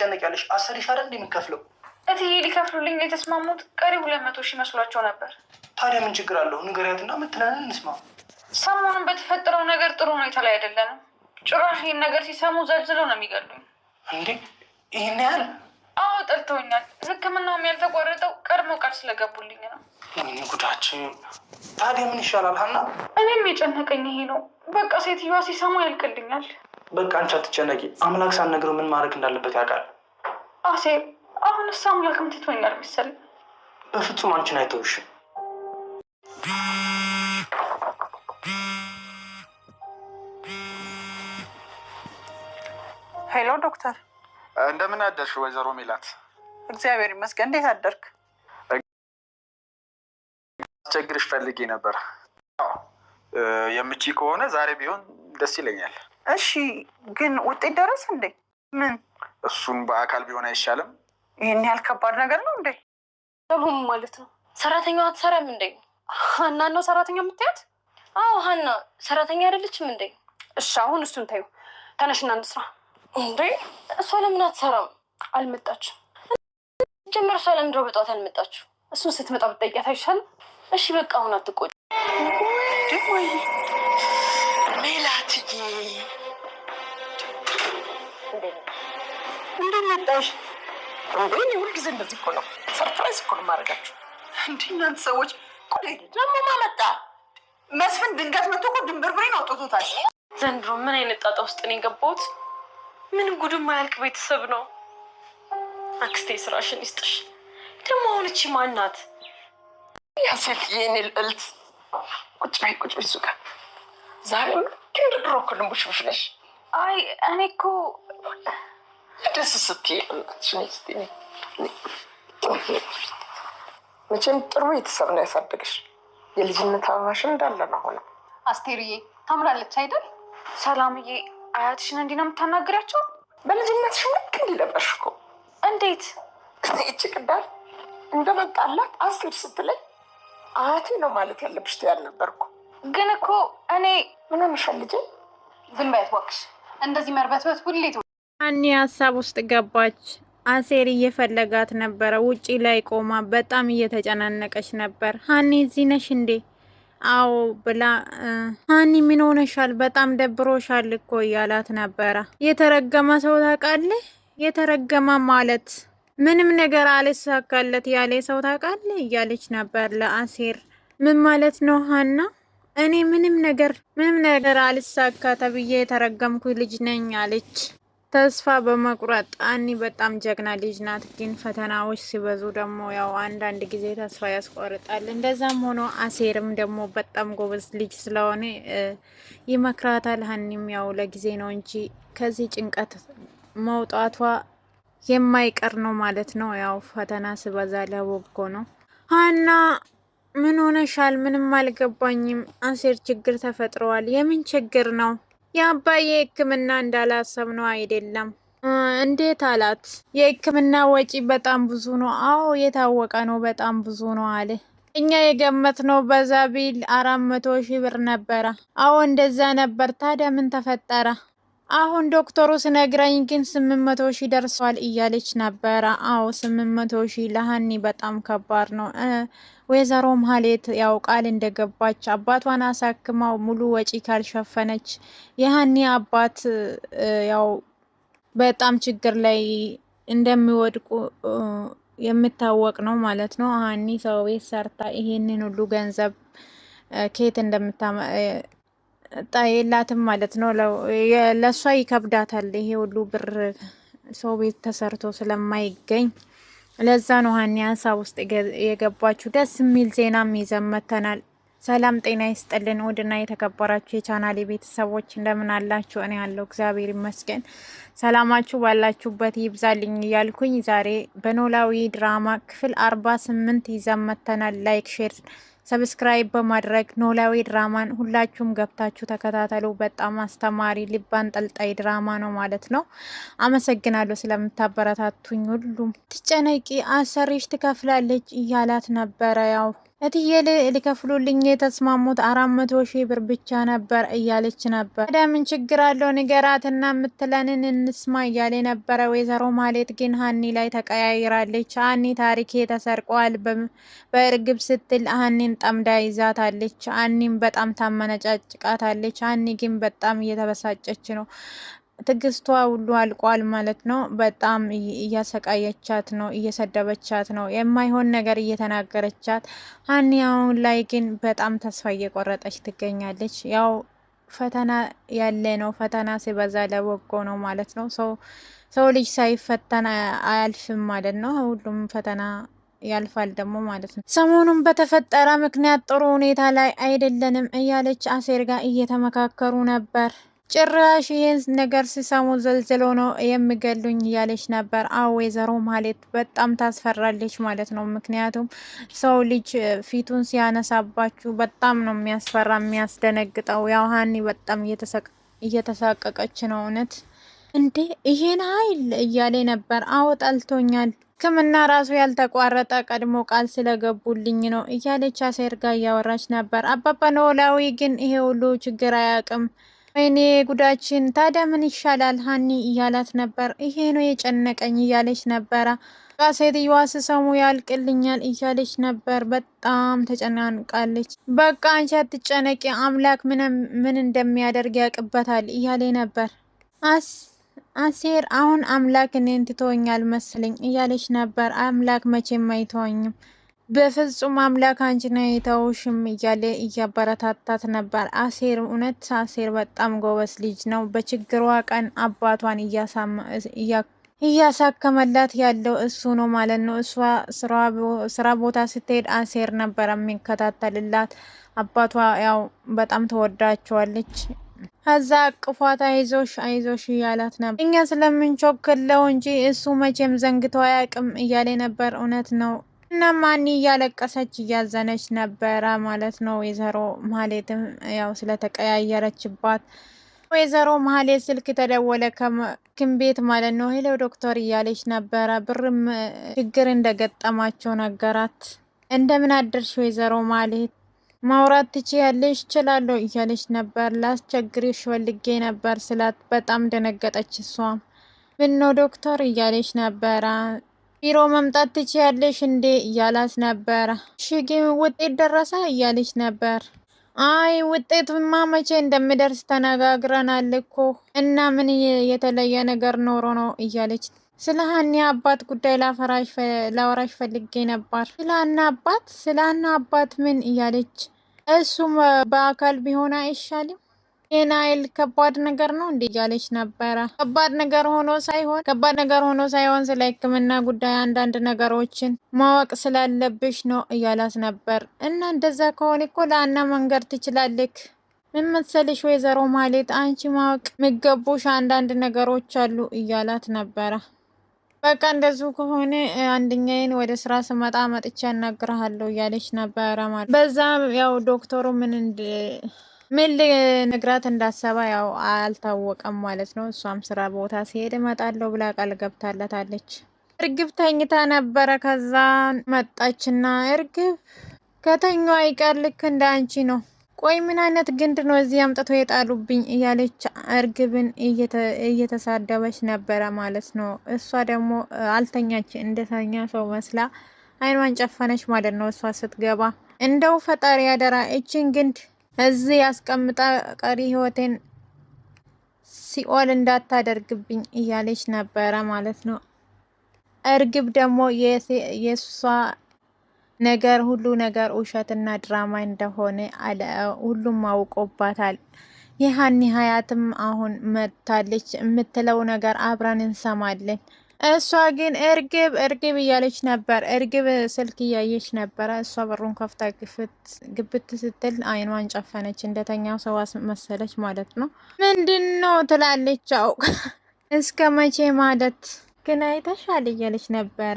ትጨነቂያለሽ? አስር ሺህ አይደል የሚከፍለው? እትዬ ሊከፍሉልኝ የተስማሙት ቀሪ ሁለት መቶ ሺህ መስሏቸው ነበር። ታዲያ ምን ችግር አለው? ንገሪያትና ምትለንን እንስማ። ሰሞኑን በተፈጠረው ነገር ጥሩ ሁኔታ ላይ አይደለንም። ጭራሽ ይህን ነገር ሲሰሙ ዘልዝለው ነው የሚገሉኝ። እንዴ ይህን ያህል? አዎ ጠልተውኛል። ሕክምናውም ያልተቋረጠው ቀድሞ ቃል ስለገቡልኝ ነው። ወይኔ ጉዳችን። ታዲያ ምን ይሻላል ሀና? እኔም የጨነቀኝ ይሄ ነው። በቃ ሴትዮዋ ሲሰሙ ያልቅልኛል። በቃ አንቺ አትጨነቂ። አምላክ ሳትነግረው ምን ማድረግ እንዳለበት ያውቃል። አሴ አሁን እሱ አምላክም ትቶኛል መሰለኝ። በፍጹም አንቺን አይተውሽም። ሄሎ ዶክተር፣ እንደምን አደርሽ ወይዘሮ ሚላት? እግዚአብሔር ይመስገን። እንዴት አደርክ? አስቸግርሽ ፈልጌ ነበር። የምቺ ከሆነ ዛሬ ቢሆን ደስ ይለኛል። እሺ፣ ግን ውጤት ደረስ እንዴ? ምን እሱን በአካል ቢሆን አይሻልም? ይህን ያህል ከባድ ነገር ነው እንዴ? ለሁም ማለት ነው። ሰራተኛዋ አትሰራም እንዴ? ሀና ነው ሰራተኛ የምታያት? አዎ ሀና ሰራተኛ አይደለችም እንዴ? እሺ፣ አሁን እሱን ታዩ። ተነሽና እንስራ እንዴ። እሷ ለምን አትሰራም? አልመጣችም ጀምር እሷ ለምን ድሮ በጠዋት አልመጣችሁ? እሱን ስትመጣ ብትጠይቂያት አይሻልም? እሺ፣ በቃ አሁን አትቆጭ ሜላትዬ እንደት መጣሽ? እንዴ ሁልጊዜ እንደዚህ እኮ ነው። ሰርፕራይዝ እኮ ነው የማደርጋችሁ። እንደ እናንተ ሰዎች ደግሞ ማመጣ መስፍን ድንገት መቶ እኮ ድንብርብሬን አውጥቶታል። ዘንድሮ ምን አይነት ጣጣ ውስጥ ነው የገባሁት? ምን ጉድም አያልቅ ቤተሰብ ነው። አክስቴ ስራሽን ይስጥሽ። ደግሞ አሁን እቺ ማን ናት? የኔ ልዕልት ቁጭ በይ ቁጭ በይ እሱ ጋር ዛሬም ድንድሮ እኮ ልንቦሽቦሽ ነሽ አይ እኔ እኮ ደስ ስትይ መቼም ጥሩ ቤተሰብ ነው ያሳደግሽ። የልጅነት አበባሽ እንዳለ ነው ሆነ። አስቴርዬ ታምራለች አይደል? ሰላምዬ አያትሽን እንዲህ ነው የምታናግሪያቸው? በልጅነትሽ ልክ እንዲለበሽ እኮ እንዴት ይቺ ቅዳል እንደመጣላት አስር ስትለኝ አያቴ ነው ማለት ያለብሽ ትያል ነበርኩ። ግን እኮ እኔ ምን ሆነሻል ልጄ? ዝም በያት እባክሽ። እንደዚህ መርበትበት ሁሌት አኒ ሀሳብ ውስጥ ገባች። አሴር እየፈለጋት ነበረ። ውጪ ላይ ቆማ በጣም እየተጨናነቀች ነበር። ሀኒ እዚህ ነሽ እንዴ? አዎ ብላ ሀኒ ምን ሆነሻል? በጣም ደብሮሻል እኮ እያላት ነበረ። የተረገመ ሰው ታውቃለህ? የተረገመ ማለት ምንም ነገር አልሳካለት ያለ ሰው ታውቃለህ? እያለች ነበር ለአሴር። ምን ማለት ነው ሀና እኔ ምንም ነገር ምንም ነገር አልሳካ ተብዬ የተረገምኩ ልጅ ነኝ አለች። ተስፋ በመቁረጥ አኒ በጣም ጀግና ልጅ ናት፣ ግን ፈተናዎች ሲበዙ ደግሞ ያው አንዳንድ ጊዜ ተስፋ ያስቆርጣል። እንደዛም ሆኖ አሴርም ደግሞ በጣም ጎበዝ ልጅ ስለሆነ ይመክራታል። ሀኒም ያው ለጊዜ ነው እንጂ ከዚህ ጭንቀት መውጣቷ የማይቀር ነው ማለት ነው። ያው ፈተና ሲበዛ ለበጎ ነው ሀና ምን ሆነሻል? ምንም አልገባኝም። አሴር ችግር ተፈጥረዋል። የምን ችግር ነው? የአባዬ ሕክምና ነው አይደለም። እንዴት አላት። የሕክምና ወጪ በጣም ብዙ ነው። አዎ የታወቀ ነው፣ በጣም ብዙ ነው አለ። እኛ ነው በዛ ቢል አራት መቶ ሺ ብር ነበረ። አዎ እንደዛ ነበር። ታዲያ ምን ተፈጠረ? አሁን ዶክተሩ ስነግረኝ ግን ስምንት መቶ ሺህ ደርሷል እያለች ነበረ። አዎ ስምንት መቶ ሺ ለሀኒ በጣም ከባድ ነው። ወይዘሮ ማህሌት ያው ቃል እንደገባች አባቷን አሳክማው ሙሉ ወጪ ካልሸፈነች የሀኒ አባት ያው በጣም ችግር ላይ እንደሚወድቁ የምታወቅ ነው ማለት ነው። ሀኒ ሰው ቤት ሰርታ ይሄንን ሁሉ ገንዘብ ኬት እንደምታመ የላትም ማለት ነው። ለእሷ ይከብዳታል ይሄ ሁሉ ብር ሰው ቤት ተሰርቶ ስለማይገኝ ለዛ ነው ሀኒ ሀሳብ ውስጥ የገባችሁ። ደስ የሚል ዜናም ይዘን መተናል። ሰላም ጤና ይስጥልን ውድና የተከበራችሁ የቻናሌ ቤተሰቦች እንደምን አላችሁ? እኔ ያለው እግዚአብሔር ይመስገን። ሰላማችሁ ባላችሁበት ይብዛልኝ እያልኩኝ ዛሬ በኖላዊ ድራማ ክፍል አርባ ስምንት ይዘን መተናል። ላይክ ሼር ሰብስክራይብ በማድረግ ኖላዊ ድራማን ሁላችሁም ገብታችሁ ተከታተሉ። በጣም አስተማሪ ልብ አንጠልጣይ ድራማ ነው ማለት ነው። አመሰግናለሁ ስለምታበረታቱኝ። ሁሉም ትጨነቂ አሰሪሽ ትከፍላለች እያላት ነበረ ያው እትዬ ሊከፍሉልኝ የተስማሙት አራት መቶ ሺህ ብር ብቻ ነበር እያለች ነበር። ታዲያ ምን ችግር አለው ንገራትና የምትለንን እንስማ እያለ ነበረ። ወይዘሮ ማሌት ግን ሀኒ ላይ ተቀያይራለች። ሀኒ ታሪኬ ተሰርቋል በእርግብ ስትል ሀኒን ጠምዳ ይዛታለች። ሀኒን በጣም ታመነጫጭቃታለች። ሀኒ ግን በጣም እየተበሳጨች ነው። ትግስቷ ሁሉ አልቋል ማለት ነው። በጣም እያሰቃየቻት ነው፣ እየሰደበቻት ነው፣ የማይሆን ነገር እየተናገረቻት። ሀኒ አሁን ላይ ግን በጣም ተስፋ እየቆረጠች ትገኛለች። ያው ፈተና ያለ ነው። ፈተና ሲበዛ ለበጎ ነው ማለት ነው። ሰው ሰው ልጅ ሳይፈተን አያልፍም ማለት ነው። ሁሉም ፈተና ያልፋል ደግሞ ማለት ነው። ሰሞኑን በተፈጠረ ምክንያት ጥሩ ሁኔታ ላይ አይደለንም እያለች አሴር ጋር እየተመካከሩ ነበር። ጭራሽ ይህን ነገር ሲሰሙ ዘልዘሎ ነው የሚገሉኝ እያለች ነበር። አዎ ወይዘሮ ማለት በጣም ታስፈራለች ማለት ነው። ምክንያቱም ሰው ልጅ ፊቱን ሲያነሳባችሁ በጣም ነው የሚያስፈራ የሚያስደነግጠው። ያው ሀኒ በጣም እየተሳቀቀች ነው። እውነት እንዴ ይሄን ሀይል እያለ ነበር። አዎ ጠልቶኛል ሕክምና ራሱ ያልተቋረጠ ቀድሞ ቃል ስለገቡልኝ ነው እያለች አሴር ጋር እያወራች ነበር። አባባ ኖላዊ ግን ይሄ ሁሉ ችግር አያውቅም። ወይኔ ጉዳችን ታዲያ ምን ይሻላል ሀኒ እያላት ነበር። ይሄ ነው የጨነቀኝ እያለች ነበረ። ሴትዮዋ ስሰሙ ያልቅልኛል እያለች ነበር። በጣም ተጨናንቃለች። በቃ አንቺ አትጨነቂ፣ አምላክ ምን እንደሚያደርግ ያውቅበታል እያለ ነበር። አሴር አሁን አምላክ እኔን ትቶኛል መስልኝ እያለች ነበር። አምላክ መቼም አይተወኝም በፍጹም አምላክ አንቺን አይተውሽም እያለ እያበረታታት ነበር። አሴር እውነት አሴር በጣም ጎበዝ ልጅ ነው። በችግሯ ቀን አባቷን እያሳከመላት ያለው እሱ ነው ማለት ነው። እሷ ስራ ቦታ ስትሄድ አሴር ነበር የሚከታተልላት። አባቷ ያው በጣም ተወዳቸዋለች። ከዛ አቅፏት አይዞሽ አይዞሽ እያላት ነበር። እኛ ስለምንቾክለው እንጂ እሱ መቼም ዘንግቶ አያውቅም እያለ ነበር። እውነት ነው። እና ማን እያለቀሰች እያዘነች ነበረ ማለት ነው። ወይዘሮ ማሌትም ያው ስለተቀያየረችባት ወይዘሮ ማሌት ስልክ ተደወለ ከክም ቤት ማለት ነው። ሄሎ ዶክተር እያለች ነበረ። ብርም ችግር እንደገጠማቸው ነገራት። እንደምን አደርሽ ወይዘሮ ማሌት ማውራት ትችያለሽ? እችላለሁ እያለች ነበር። ላስቸግርሽ ወልጌ ነበር ስላት በጣም ደነገጠች። እሷም ምን ነው ዶክተር እያለች ነበረ ቢሮ መምጣት ትችያለሽ እንዴ እያላት ነበረ። እሺ ግን ውጤት ደረሰ እያለች ነበር። አይ ውጤቱማ መቼ እንደምደርስ ተነጋግረናል እኮ እና ምን የተለየ ነገር ኖሮ ነው እያለች ስለ ሀኒ አባት ጉዳይ ላወራሽ ፈልጌ ነበር። ስለ ሀና አባት ስለ ሀና አባት ምን እያለች እሱም በአካል ቢሆን አይሻልም? የናይል ከባድ ነገር ነው እንዲ እያለች ነበረ። ከባድ ነገር ሆኖ ሳይሆን ከባድ ነገር ሆኖ ሳይሆን ስለ ሕክምና ጉዳይ አንዳንድ ነገሮችን ማወቅ ስላለብሽ ነው እያላት ነበር። እና እንደዛ ከሆነ እኮ ለአና መንገድ ትችላለክ። ምን መሰልሽ ወይዘሮ ማሌት አንቺ ማወቅ ምገቡሽ አንዳንድ ነገሮች አሉ እያላት ነበረ። በቃ እንደዙ ከሆነ አንደኛዬን ወደ ስራ ስመጣ መጥቼ ያናግረሃለሁ እያለች ነበረ። ማለት በዛ ያው ዶክተሩ ምን ምን ልነግራት እንዳሰባ ያው አልታወቀም ማለት ነው። እሷም ስራ ቦታ ሲሄድ እመጣለሁ ብላ ቃል ገብታለታለች። እርግብ ተኝታ ነበረ። ከዛ መጣችና እርግብ ከተኛ አይቀር ልክ እንደ አንቺ ነው። ቆይ ምን አይነት ግንድ ነው እዚህ አምጥቶ የጣሉብኝ? እያለች እርግብን እየተሳደበች ነበረ ማለት ነው። እሷ ደግሞ አልተኛች፣ እንደተኛ ሰው መስላ አይኗን ጨፈነች ማለት ነው። እሷ ስትገባ እንደው ፈጣሪ ያደራ እችን ግንድ እዚህ ያስቀምጣ ቀሪ ህይወቴን ሲኦል እንዳታደርግብኝ እያለች ነበረ ማለት ነው። እርግብ ደግሞ የሷ ነገር ሁሉ ነገር ውሸትና ድራማ እንደሆነ አለ ሁሉም አውቆባታል። ይህን ሀያትም አሁን መጥታለች የምትለው ነገር አብረን እንሰማለን። እሷ ግን እርግብ እርግብ እያለች ነበር። እርግብ ስልክ እያየች ነበረ። እሷ በሩን ከፍታ ግብት ስትል አይኗን ጨፈነች። እንደተኛው ሰው መሰለች ማለት ነው። ምንድን ነው ትላለች። አውቅ እስከ መቼ ማለት ግን አይተሻል እያለች ነበረ።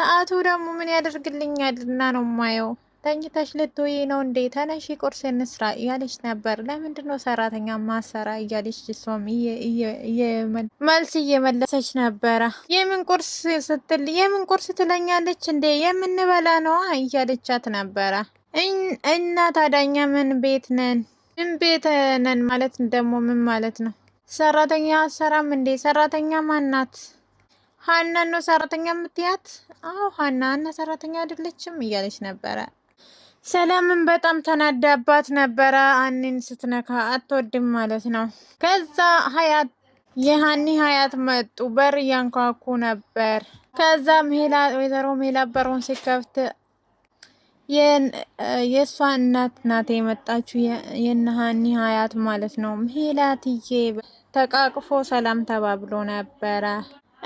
ሰዓቱ ደግሞ ምን ያደርግልኛልና ነው ማየው ተኝተሽ ልትውይ ነው እንዴ? ተነሺ ቁርስ እንስራ እያለች ነበር። ለምንድን ነው ሰራተኛ ማሰራ እያለች እሷም መልስ እየመለሰች ነበረ። የምን ቁርስ ስትል የምን ቁርስ ትለኛለች እንዴ? የምንበላ ነዋ እያለቻት ነበረ። እና ታዳኛ ምን ቤት ነን? ምን ቤት ነን ማለት ደግሞ ምን ማለት ነው? ሰራተኛ አሰራም እንዴ? ሰራተኛ ማናት? ሀናን ነው ሰራተኛ የምትያት? አዎ ሀና እና ሰራተኛ አይደለችም እያለች ነበረ። ሰላምን በጣም ተናዳባት ነበረ። አኒን ስትነካ አትወድም ማለት ነው። ከዛ ሀያት የሀኒ ሀያት መጡ። በር እያንኳኩ ነበር። ከዛ ወይዘሮ ሜላ በሩን ሲከፍት የእሷ እናት ናት የመጣችው፣ የነሀኒ ሀያት ማለት ነው። ሜላትዬ ተቃቅፎ ሰላም ተባብሎ ነበረ።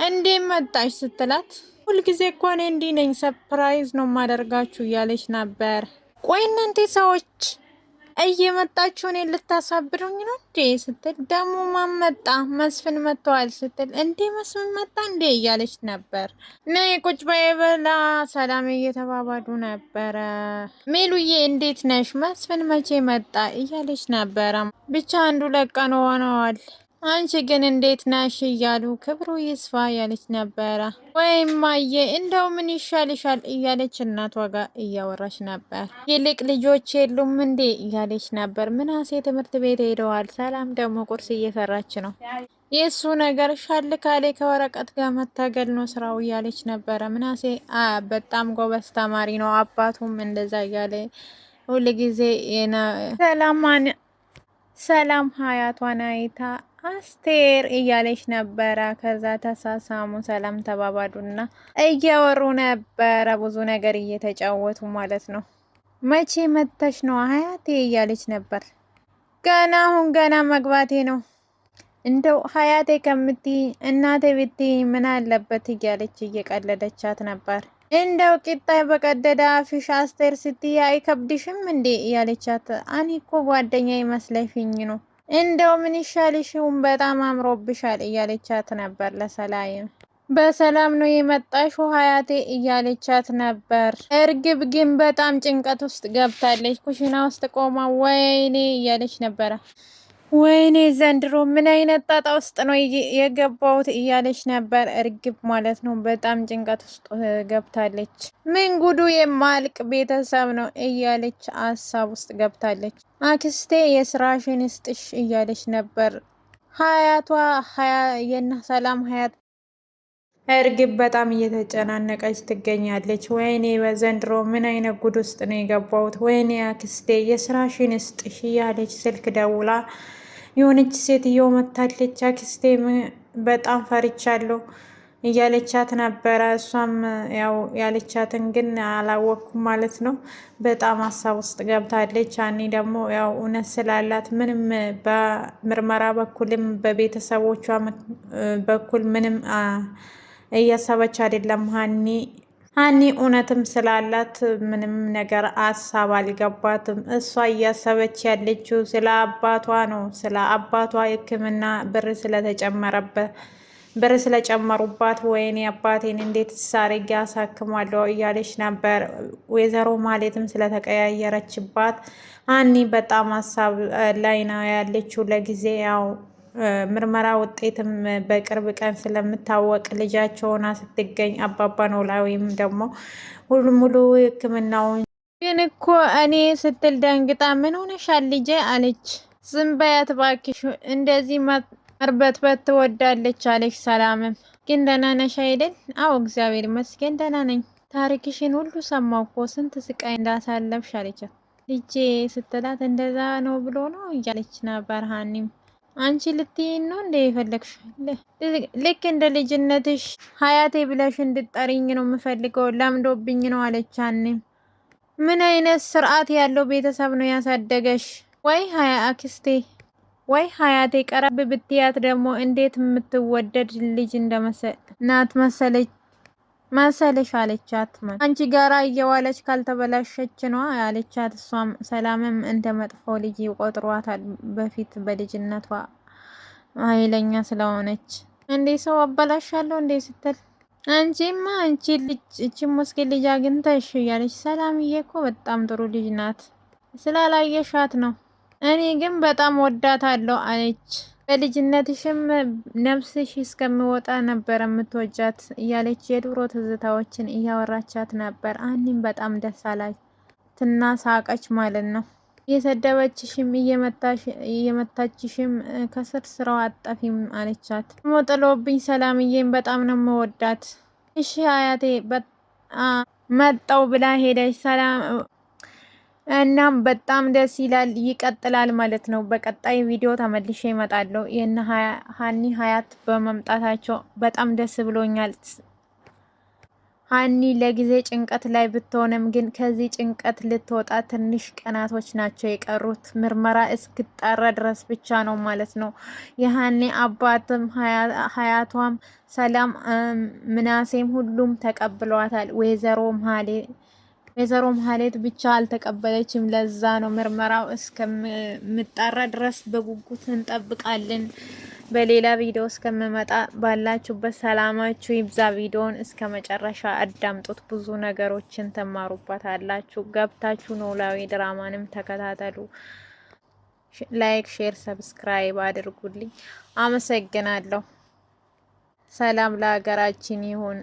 እንዴ መጣች ስትላት ሁልጊዜ እኮ እኔ እንዲህ ነኝ፣ ሰፕራይዝ ነው ማደርጋችሁ እያለች ነበር። ቆይ እናንተ ሰዎች እየመጣችሁ እኔን ልታሳብሩኝ ነው እንዴ ስትል ደግሞ ማን መጣ? መስፍን መጥተዋል ስትል እንዴ መስፍን መጣ እንዴ እያለች ነበር። ነይ ቁጭ በይ ሰላም እየተባባሉ ነበረ። ሜሉዬ እንዴት ነሽ? መስፍን መቼ መጣ እያለች ነበረ። ብቻ አንዱ ለቀን ሆነዋል። አንቺ ግን እንዴት ናሽ እያሉ ክብሩ ይስፋ ያለች ነበረ። ወይም ማየ እንደው ምን ይሻልሻል እያለች እናቷ ጋር እያወራች ነበር። ይልቅ ልጆች የሉም እንዴ እያለች ነበር። ምናሴ ትምህርት ቤት ሄደዋል። ሰላም ደግሞ ቁርስ እየሰራች ነው። የእሱ ነገር ሻል ካሌ ከወረቀት ጋር መታገል ነው ስራው እያለች ነበረ። ምናሴ በጣም ጎበዝ ተማሪ ነው። አባቱም እንደዛ እያለ ሁልጊዜ ሰላም ሀያቷን አይታ አስቴር እያለች ነበረ። ከዛ ተሳሳሙ፣ ሰላም ተባባሉና እያወሩ ነበረ። ብዙ ነገር እየተጫወቱ ማለት ነው። መቼ መተሽ ነው ሀያቴ እያለች ነበር። ገና አሁን ገና መግባቴ ነው። እንደው ሀያቴ ከምትይ እናቴ ብትይ ምን አለበት እያለች እየቀለደቻት ነበር። እንደው ቂጣይ በቀደደ አፍሽ አስቴር ስትይ አይከብድሽም እንዴ እያለቻት፣ እኔ እኮ ጓደኛ ይመስለሽኝ ነው እንደው ምን ይሻልሽውም በጣም አምሮብሻል እያለቻት ነበር። ለሰላይም በሰላም ነው የመጣሽው ሀያቴ እያለቻት ነበር። እርግብ ግን በጣም ጭንቀት ውስጥ ገብታለች። ኩሽና ውስጥ ቆማ ወይኔ እያለች ነበረ። ወይኔ ዘንድሮ ምን አይነት ጣጣ ውስጥ ነው የገባሁት እያለች ነበር እርግብ ማለት ነው። በጣም ጭንቀት ውስጥ ገብታለች። ምን ጉዱ የማልቅ ቤተሰብ ነው እያለች አሳብ ውስጥ ገብታለች። አክስቴ የስራሽን ስጥሽ እያለች ነበር ሀያቷ ሀያ የና ሰላም ሀያት እርግብ በጣም እየተጨናነቀች ትገኛለች። ወይኔ በዘንድሮ ምን አይነት ጉድ ውስጥ ነው የገባሁት? ወይኔ አክስቴ የስራሽን ስጥሽ እያለች ስልክ ደውላ የሆነች ሴትዮ መታለች። አክስቴ በጣም ፈርቻለሁ እያለቻት ነበረ። እሷም ያው ያለቻትን ግን አላወቅኩም ማለት ነው። በጣም ሀሳብ ውስጥ ገብታለች። አኒ ደግሞ ያው እውነት ስላላት ምንም በምርመራ በኩልም በቤተሰቦቿ በኩል ምንም እያሰበች አይደለም ሀኒ ሀኒ እውነትም ስላላት ምንም ነገር አሳብ አልገባትም። እሷ እያሰበች ያለችው ስለ አባቷ ነው። ስለ አባቷ ሕክምና ብር ስለተጨመረበት ብር ስለጨመሩባት ወይኔ አባቴን እንዴት ሳርጌ አሳክሟለሁ እያለች ነበር። ወይዘሮ ማሌትም ስለተቀያየረችባት ሀኒ በጣም ሀሳብ ላይ ነው ያለችው ለጊዜ ያው ምርመራ ውጤትም በቅርብ ቀን ስለምታወቅ ልጃቸውና ስትገኝ አባባ ኖላዊም ደግሞ ሙሉ ሙሉ ሕክምናውን ግን እኮ እኔ ስትል ደንግጣ ምን ሆነሻል ልጄ አለች። ዝም በያት እባክሽ እንደዚህ መርበትበት ትወዳለች አለች። ሰላምም ግን ደህና ነሽ አይደል? አዎ እግዚአብሔር ይመስገን ደህና ነኝ። ታሪክሽን ሁሉ ሰማሁ እኮ ስንት ስቃይ እንዳሳለፍሽ አለቻት። ልጄ ስትላት እንደዛ ነው ብሎ ነው እያለች ነበር ሀኒም አንቺ ልትይን ነው እንደ የፈለግሽ ልክ እንደ ልጅነትሽ ሀያቴ ብለሽ እንድጠሪኝ ነው የምፈልገው፣ ለምዶብኝ ነው አለቻኔም ምን አይነት ስርዓት ያለው ቤተሰብ ነው ያሳደገሽ? ወይ ሀያ አክስቴ ወይ ሀያቴ ቀረብ ብትያት ደግሞ እንዴት የምትወደድ ልጅ ናት መሰለች። መሰለሽ አለቻት። አንቺ ጋራ እየዋለች ካልተበላሸች ነው አለቻት። እሷም ሰላምም እንደ መጥፎ ልጅ ቆጥሯታል። በፊት በልጅነቷ ኃይለኛ ስለሆነች እንዴ ሰው አበላሻለሁ እንዴ ስትል አንቺማ አንቺ ልጅ እቺ ሙስኪ ልጅ አግኝተሽ እያለች ሰላምዬ እኮ በጣም ጥሩ ልጅ ናት ስላላየሻት ነው እኔ ግን በጣም ወዳታለሁ አለች። በልጅነትሽም ነፍስሽ እስከሚወጣ ነበር የምትወጃት እያለች የድሮ ትዝታዎችን እያወራቻት ነበር። አኒም በጣም ደስ አላት እና ሳቀች ማለት ነው። እየሰደበችሽም እየመታችሽም ከስር ስራው አጠፊም አለቻት። ሞጥሎብኝ ሰላምዬን በጣም ነው መወዳት። እሺ አያቴ መጣው ብላ ሄደች። እናም በጣም ደስ ይላል። ይቀጥላል ማለት ነው። በቀጣይ ቪዲዮ ተመልሼ እመጣለሁ። ይህን ሀኒ ሀያት በመምጣታቸው በጣም ደስ ብሎኛል። ሀኒ ለጊዜ ጭንቀት ላይ ብትሆንም ግን ከዚህ ጭንቀት ልትወጣ ትንሽ ቀናቶች ናቸው የቀሩት። ምርመራ እስክጣራ ድረስ ብቻ ነው ማለት ነው። የሀኒ አባትም ሀያቷም ሰላም ምናሴም ሁሉም ተቀብሏታል ወይዘሮ ማሌ ወይዘሮ መሀሌት ብቻ አልተቀበለችም። ለዛ ነው ምርመራው እስከምጣራ ድረስ በጉጉት እንጠብቃለን። በሌላ ቪዲዮ እስከምመጣ ባላችሁበት ሰላማችሁ ይብዛ። ቪዲዮን እስከ መጨረሻ አዳምጡት። ብዙ ነገሮችን ተማሩባት አላችሁ። ገብታችሁ ኖላዊ ድራማንም ተከታተሉ። ላይክ፣ ሼር፣ ሰብስክራይብ አድርጉልኝ። አመሰግናለሁ። ሰላም ለሀገራችን ይሁን።